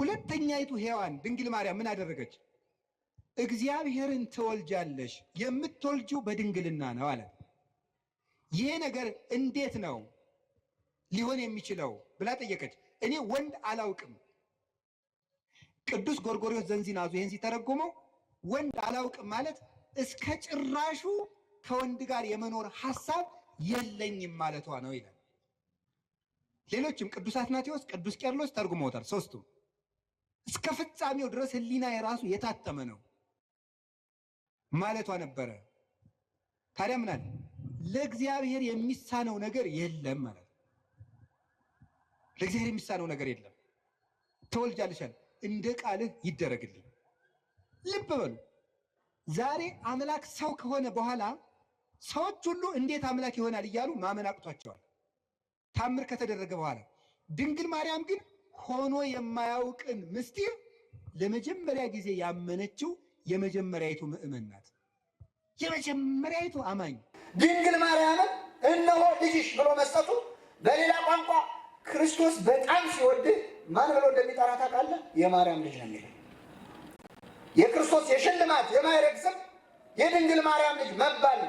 ሁለተኛይቱ ሔዋን ድንግል ማርያም ምን አደረገች? እግዚአብሔርን ትወልጃለሽ፣ የምትወልጂው በድንግልና ነው አለ። ይሄ ነገር እንዴት ነው ሊሆን የሚችለው ብላ ጠየቀች። እኔ ወንድ አላውቅም። ቅዱስ ጎርጎሪዎስ ዘንዚናዙ ይህን ሲተረጉመው ወንድ አላውቅም ማለት እስከ ጭራሹ ከወንድ ጋር የመኖር ሐሳብ የለኝም ማለቷ ነው ይላል። ሌሎችም ቅዱስ አትናቴዎስ፣ ቅዱስ ቄርሎስ ተርጉመውታል ሶስቱም እስከ ፍጻሜው ድረስ ህሊና የራሱ የታተመ ነው ማለቷ ነበረ። ታዲያ ምናል ለእግዚአብሔር የሚሳነው ነገር የለም ማለት ለእግዚአብሔር የሚሳነው ነገር የለም። ተወልጃልሻል፣ እንደ ቃልህ ይደረግልኝ። ልብ በሉ። ዛሬ አምላክ ሰው ከሆነ በኋላ ሰዎች ሁሉ እንዴት አምላክ ይሆናል እያሉ ማመን አቅቷቸዋል፣ ታምር ከተደረገ በኋላ ድንግል ማርያም ግን ሆኖ የማያውቅን ምስጢር ለመጀመሪያ ጊዜ ያመነችው የመጀመሪያይቱ ምእመን ናት። የመጀመሪያይቱ አማኝ ድንግል ማርያምን እነሆ ልጅሽ ብሎ መስጠቱ በሌላ ቋንቋ ክርስቶስ በጣም ሲወድህ ማን ብሎ እንደሚጠራ ታውቃለህ? የማርያም ልጅ ነው የሚለው። የክርስቶስ የሽልማት የማይረግ ስም የድንግል ማርያም ልጅ መባል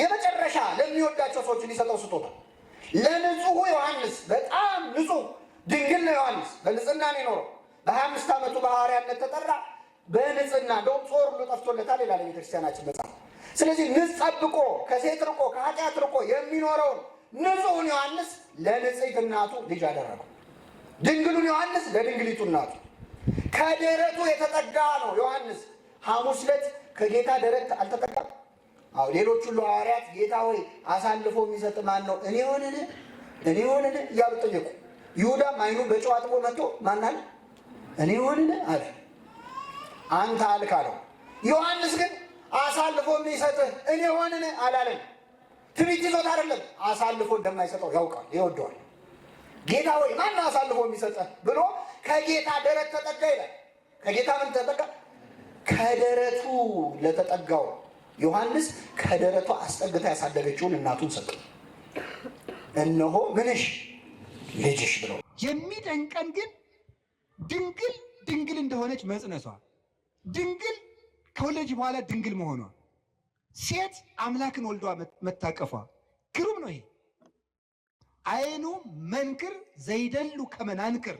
የመጨረሻ ለሚወዳቸው ሰዎች ሊሰጠው ስጦታ ለንጹሑ ዮሐንስ በጣም ንጹሕ ድንግል ነው ዮሐንስ በንጽህና ነው የኖረው። በሀያ አምስት ዓመቱ በሐዋርያነት ተጠራ በንጽህና እንደውም ጾር ብሎ ጠፍቶለታል ይላል የቤተክርስቲያናችን መጽሐፍ። ስለዚህ ንጽ ጠብቆ ከሴት ርቆ ከኃጢአት ርቆ የሚኖረውን ንጹሑን ዮሐንስ ለንጽሕት እናቱ ልጅ አደረገው። ድንግሉን ዮሐንስ ለድንግሊቱ እናቱ ከደረቱ የተጠጋ ነው ዮሐንስ። ሐሙስ ዕለት ከጌታ ደረት አልተጠጋም። አዎ ሁሉ ሐዋርያት ጌታ ሆይ አሳልፎ የሚሰጥ ማን ነው? እኔ ሆንን እኔ ሆንን እያሉ ጠየቁ። ይሁዳም አይኑን በጨው አጥቦ መጥቶ ማናል እኔ ሆንን አለ። አንተ አልክ አለው። ዮሐንስ ግን አሳልፎ የሚሰጥህ እኔ ሆንን አላለን። ትንቢት ይዞት አይደለም፣ አሳልፎ እንደማይሰጠው ያውቃል፣ ይወደዋል። ጌታ ወይ ማን አሳልፎ የሚሰጠህ ብሎ ከጌታ ደረት ተጠጋ ይላል። ከጌታ ምን ተጠጋ? ከደረቱ ለተጠጋው ዮሐንስ ከደረቱ አስጠግታ ያሳደገችውን እናቱን ሰጠ። እነሆ ምንሽ ልጅሽ ብሎ የሚደንቀን ግን ድንግል ድንግል እንደሆነች መጽነሷ፣ ድንግል ከወለጅ በኋላ ድንግል መሆኗ፣ ሴት አምላክን ወልዷ መታቀፏ ግሩም ነው። ይሄ አይኑ መንክር ዘይደሉ ከመናንክር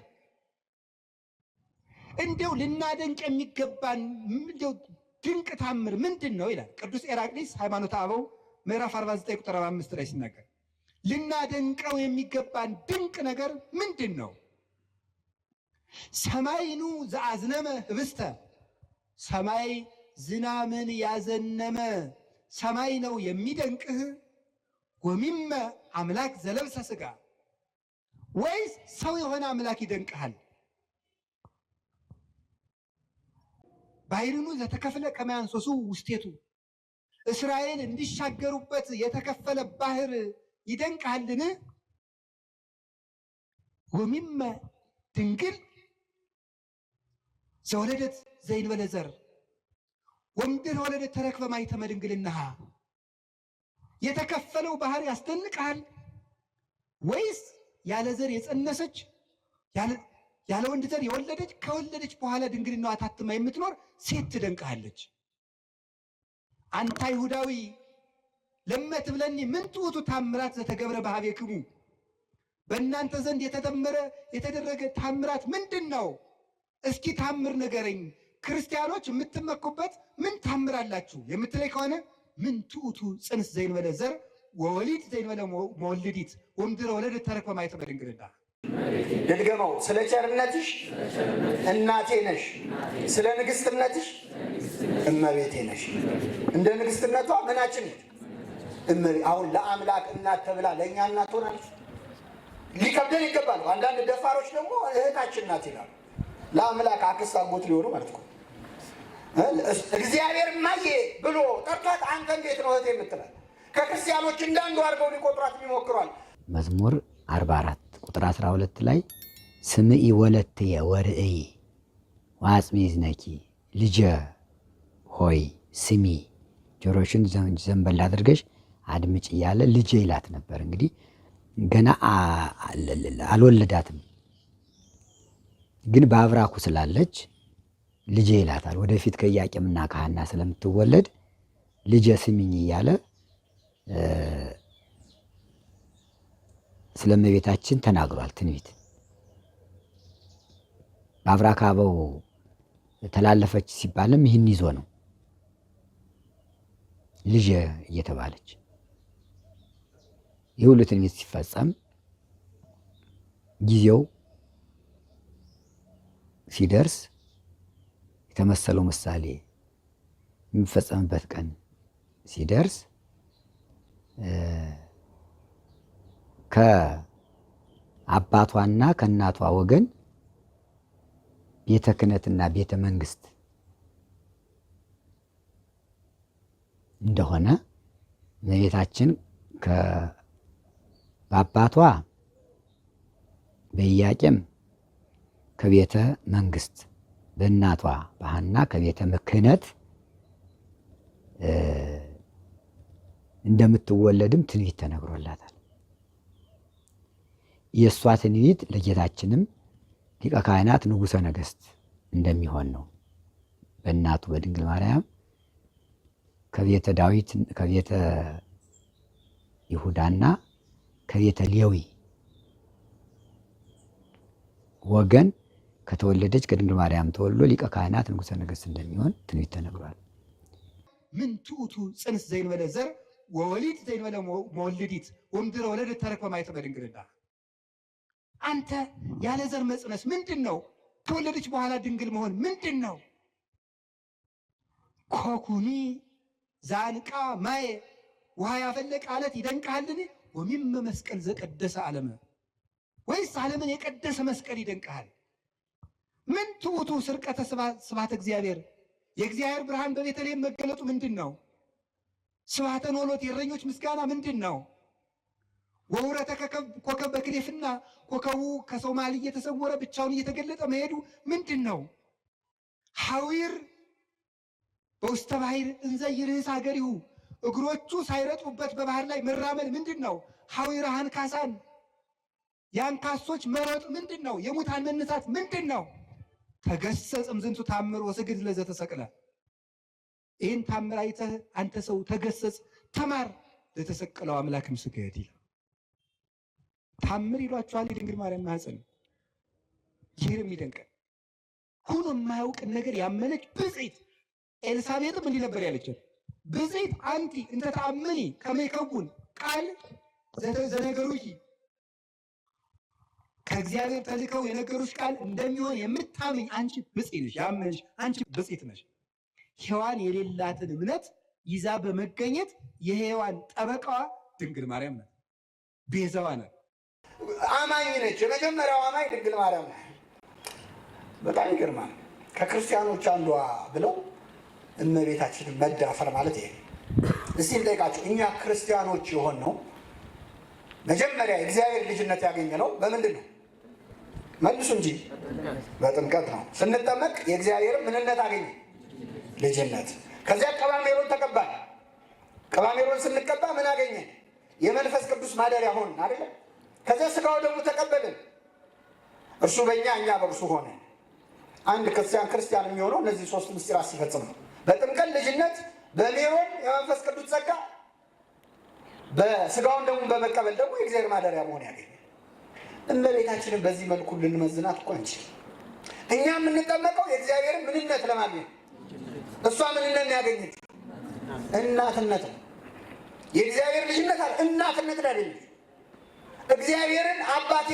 እንዲው ልናደንቅ የሚገባን እንዲው ድንቅ ታምር ምንድን ነው ይላል ቅዱስ ኤራቅሊስ ሃይማኖተ አበው ምዕራፍ 49 ቁጥር 5 ላይ ሲናገር ልናደንቀው የሚገባን ድንቅ ነገር ምንድን ነው? ሰማይኑ ዘአዝነመ ህብስተ ሰማይ ዝናምን ያዘነመ ሰማይ ነው የሚደንቅህ። ወሚመ አምላክ ዘለብሰ ስጋ ወይስ ሰው የሆነ አምላክ ይደንቅሃል? ባሕርኑ ዘተከፍለ ከማያንሶሱ ውስቴቱ እስራኤል እንዲሻገሩበት የተከፈለ ባህር ይደንቃልን? ወሚመ ድንግል ዘወለደት ዘእንበለ ዘር ወምድር ወለደት ተረክበ ማኅተመ ድንግልናሃ የተከፈለው ባህር ያስደንቃል ወይስ ያለ ዘር የጸነሰች ያለ ወንድ ዘር የወለደች ከወለደች በኋላ ድንግልናዋ ታትማ የምትኖር ሴት ትደንቃለች። አንተ አይሁዳዊ ለመትብለኒ ምን ትውቱ ታምራት ዘተገብረ ክቡ በእናንተ ዘንድ የተተመረ የተደረገ ታምራት ምንድን ነው? እስኪ ታምር ንገረኝ። ክርስቲያኖች የምትመኩበት ምን ታምራላችሁ የምትለይ ከሆነ ምን ትውቱ ጽንስ ዘይንበለ ዘር ወወሊድ ዘይንበለ መወልዲት ወምድረ ወለድ ተረክበ ማየተ በድንግልና ድድገመው ስለ ቸርነትሽ እናቴ ነሽ፣ ስለ ንግስትነትሽ እመቤቴ ነሽ። እንደ ንግስትነቷ ምናችን እመሪ አሁን ለአምላክ እናት ተብላ ለእኛ እናት ሆናለች። ሊከብደን ይገባል። አንዳንድ ደፋሮች ደግሞ እህታችን ናት ይላሉ። ለአምላክ አክስት፣ አጎት ሊሆኑ ማለት እግዚአብሔር ማየ ብሎ ጠርቷት አንተ እንዴት ነው እህቴ የምትላል? ከክርስቲያኖች እንዳንዱ አድርገው ሊቆጥሯት ይሞክሯል። መዝሙር 44 ቁጥር 12 ላይ ስምኢ ወለትየ ወርእይ ዋጽሚ ዝነኪ ልጀ ሆይ ስሚ ጆሮሽን ዘንበል አድርገሽ አድምጭ እያለ ልጄ ይላት ነበር። እንግዲህ ገና አልወለዳትም፣ ግን በአብራኩ ስላለች ልጄ ይላታል። ወደፊት ከኢያቄምና ከሐና ስለምትወለድ ልጄ ስሚኝ እያለ ስለመቤታችን ተናግሯል ትንቢት በአብራክ አበው ተላለፈች ሲባልም ይህን ይዞ ነው ልጄ እየተባለች የሁሉ ትንቢት ሲፈጸም ጊዜው ሲደርስ የተመሰለው ምሳሌ የሚፈጸምበት ቀን ሲደርስ ከአባቷና ከእናቷ ወገን ቤተ ክህነትና ቤተ መንግስት እንደሆነ እመቤታችን በአባቷ በኢያቄም ከቤተ መንግስት በእናቷ በሐና ከቤተ ክህነት እንደምትወለድም ትንቢት ተነግሮላታል። የእሷ ትንቢት ለጌታችንም ሊቀ ካህናት ንጉሠ ነገሥት እንደሚሆን ነው። በእናቱ በድንግል ማርያም ከቤተ ዳዊት ከቤተ ይሁዳና ከቤተ ሌዊ ወገን ከተወለደች ከድንግል ማርያም ተወልዶ ሊቀ ካህናት ንጉሠ ነገሥት እንደሚሆን ትንቢት ተነግሯል። ምን ትዑቱ ፅንስ ዘይንበለ ዘር ወወሊድ ዘይንበለ መወልዲት ወምድረ ወለደት ተረክበ ማየት በድንግልና አንተ ያለ ዘር መጽነስ ምንድን ነው? ከወለደች በኋላ ድንግል መሆን ምንድን ነው? ኮኩኒ ዛንቃ ማየ ውሃ ያፈለቀ አለት ይደንቃልን? ወሚመ መስቀል ዘቀደሰ ዓለመ ወይስ ዓለምን የቀደሰ መስቀል ይደንቅሃል? ምን ትውቱ ስርቀተ ስብሐተ እግዚአብሔር የእግዚአብሔር ብርሃን በቤተልሔም መገለጡ ምንድን ነው? ስብሐተ ኖሎት የእረኞች ምስጋና ምንድን ነው? ወውረተ ኮከብ በክሌፍና ኮከቡ ከሰው መሃል እየተሰወረ ብቻውን እየተገለጠ መሄዱ ምንድን ነው? ሐዊር በውስተ ባሕር እንዘ ይርህስ አገሪሁ እግሮቹ ሳይረጡበት በባህር ላይ መራመድ ምንድን ነው? ሐዊራሃን ካሳን የአንካሶች መሮጥ ምንድን ነው? የሙታን መነሳት ምንድን ነው? ተገሰጽም ዝንቱ ታምር ወስግድ ተሰቅለ ይህን ታምር አይተህ አንተ ሰው ተገሰጽ፣ ተማር፣ ለተሰቀለው አምላክም ስገድ ይላል። ታምር ይሏቸዋል የድንግል ማርያም ማህፀን። ይህንም ይደንቀ ሁሉ የማያውቅን ነገር ያመነች ብፅዕት ኤልሳቤጥም እንዲህ ነበር ያለችን ብፅዕት አንቲ እንተተአምኒ ከመ ይከውን ቃል ዘነገሩኪ ከእግዚአብሔር ተልከው የነገሩሽ ቃል እንደሚሆን የምታምኝ አንቺ ብፅዕት ነሽ። ያመንሽ አንቺ ብፅዕት ነሽ። ሔዋን የሌላትን እምነት ይዛ በመገኘት የሔዋን ጠበቃዋ ድንግል ማርያም ናት፣ ቤዛዋ ናት፣ አማኝ ነች። የመጀመሪያው አማኝ ድንግል ማርያም ናት። በጣም ይገርማል። ከክርስቲያኖች አንዷ ብለው እመቤታችንን መዳፈር ማለት ይሄ። እስቲ እንጠይቃቸው እኛ ክርስቲያኖች የሆን ነው መጀመሪያ እግዚአብሔር ልጅነት ያገኘ ነው በምንድን ነው? መልሱ እንጂ በጥምቀት ነው። ስንጠመቅ የእግዚአብሔር ምንነት አገኘ ልጅነት። ከዚያ ቀባሜሮን ተቀባል። ቀባሜሮን ስንቀባ ምን አገኘ? የመንፈስ ቅዱስ ማደሪያ ሆን አደለ? ከዚያ ስጋው ደግሞ ተቀበልን። እርሱ በእኛ እኛ በእርሱ ሆነ። አንድ ክርስቲያን ክርስቲያን የሚሆነው እነዚህ ሶስት ምስጢራት ሲፈጽም ነው። በጥምቀት ልጅነት በሜሮን የመንፈስ ቅዱስ ጸጋ በስጋውን ደግሞ በመቀበል ደግሞ የእግዚአብሔር ማደሪያ መሆን ያገኛል። እመቤታችንን በዚህ መልኩ ልንመዝናት እኮ እንችል። እኛ የምንጠመቀው የእግዚአብሔርን ምንነት ለማግኘት እሷ ምንነት ያገኘች እናትነት ነው። የእግዚአብሔር ልጅነት አለ እናትነት ያገኘች እግዚአብሔርን አባቴ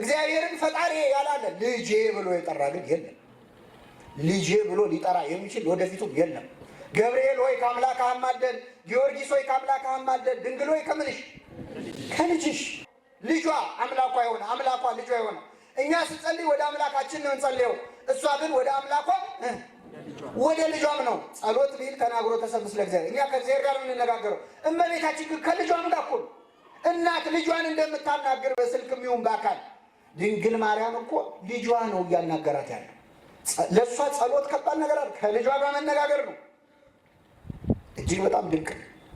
እግዚአብሔርን ፈጣሪ ያላለ ልጄ ብሎ የጠራ ግን የለም። ልጄ ብሎ ሊጠራ የሚችል ወደፊቱም የለም። ገብርኤል ሆይ ከአምላክ አማልደን፣ ጊዮርጊስ ሆይ ከአምላክ አማልደን፣ ድንግል ሆይ ከምንሽ ከልጅሽ ልጇ አምላኳ የሆነ አምላኳ ልጇ የሆነ እኛ ስንጸልይ ወደ አምላካችን ነው እንጸልየው። እሷ ግን ወደ አምላኳ ወደ ልጇም ነው ጸሎት ቢል ተናግሮ ተሰብስ ለእግዚአብሔር እኛ ከእግዚአብሔር ጋር የምንነጋገረው። እመቤታችን ግን ከልጇም ጋር እኮ እናት ልጇን እንደምታናግር በስልክ የሚሆን በአካል ድንግል ማርያም እኮ ልጇ ነው እያናገራት ያለው። ለእሷ ጸሎት ከባድ ነገር አለ። ከልጇ ጋር መነጋገር ነው። እጅግ በጣም ድንቅ ነው።